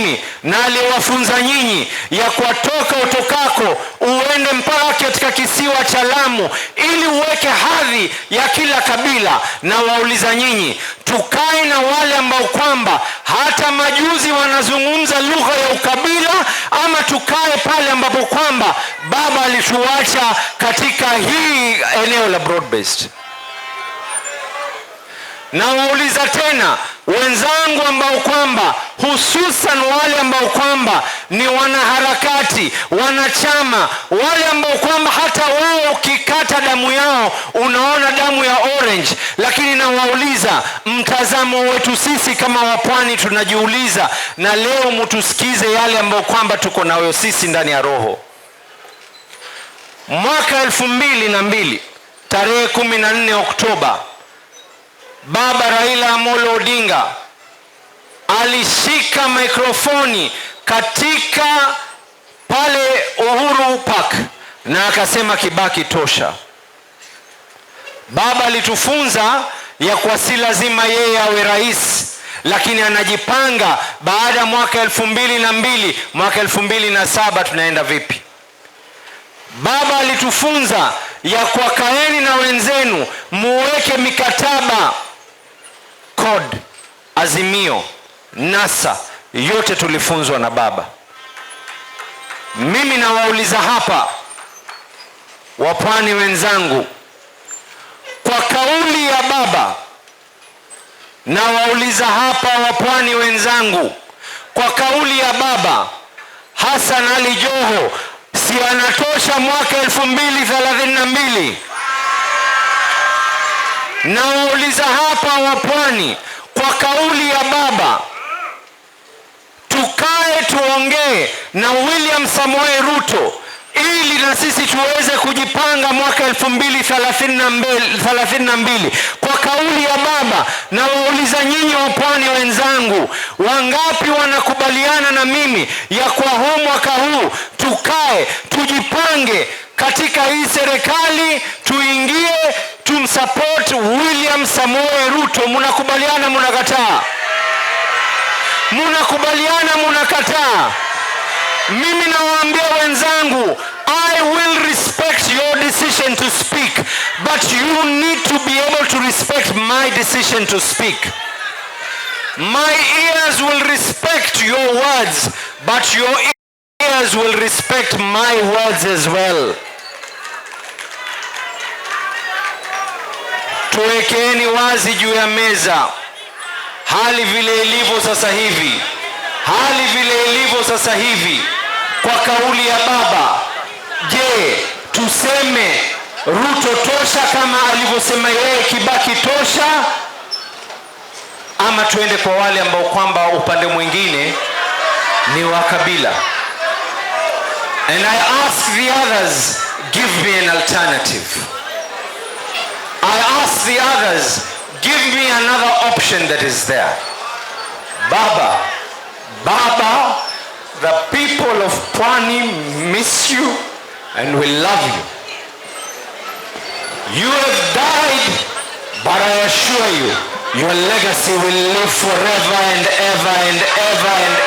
nyinyi na aliwafunza nyinyi ya kuwa utokako uende mpaka katika kisiwa cha Lamu, ili uweke hadhi ya kila kabila. Na wauliza nyinyi, tukae na wale ambao kwamba hata majuzi wanazungumza lugha ya ukabila, ama tukae pale ambapo kwamba baba alituacha katika hii eneo la broad based? Na wauliza tena wenzangu ambao kwamba hususan wale ambao kwamba ni wanaharakati, wanachama, wale ambao kwamba hata wao ukikata damu yao unaona damu ya orange. Lakini nawauliza mtazamo wetu sisi kama wapwani tunajiuliza, na leo mtusikize yale ambayo kwamba tuko nayo sisi ndani ya roho. Mwaka elfu mbili na mbili tarehe kumi na nne Oktoba Baba Raila Amolo Odinga alishika mikrofoni katika pale Uhuru Park na akasema Kibaki tosha. Baba alitufunza ya kuwa si lazima yeye awe rais, lakini anajipanga baada ya mwaka elfu mbili na mbili mwaka elfu mbili na saba tunaenda vipi? Baba alitufunza ya kuwa kaeni na wenzenu, muweke mikataba CORD, Azimio, NASA, yote tulifunzwa na baba. Mimi nawauliza hapa wapwani wenzangu, kwa kauli ya baba, nawauliza hapa wapwani wenzangu, kwa kauli ya baba Hassan Ali Joho si anatosha mwaka 2032? nawauliza hapa wa pwani, kwa kauli ya baba, tukae tuongee na William Samoei Ruto ili na sisi tuweze kujipanga mwaka elfu mbili thelathini na mbili kwa kauli ya baba. Na nyinyi wapwani wenzangu, wangapi wanakubaliana na mimi ya kwa huu mwaka huu tukae tujipange katika hii serikali tuingie support William Samoe Ruto. Munakubaliana munakataa? Munakubaliana munakataa? Mimi nawaambia wenzangu, I will respect your decision to speak but you need to be able to respect my decision to speak. My ears will respect your words but your ears will respect my words as well. tuwekeeni wazi juu ya meza hali vile ilivyo sasa hivi, hali vile ilivyo sasa hivi, kwa kauli ya baba. Je, tuseme Ruto tosha kama alivyosema yeye, Kibaki tosha, ama tuende kwa wale ambao kwamba upande mwingine ni wa kabila? And I ask the others, give me an alternative. off the others, give me another option that is there. Baba, Baba, the people of Pwani miss you and will love you. You have died, but I assure you, your legacy will live forever and ever and ever and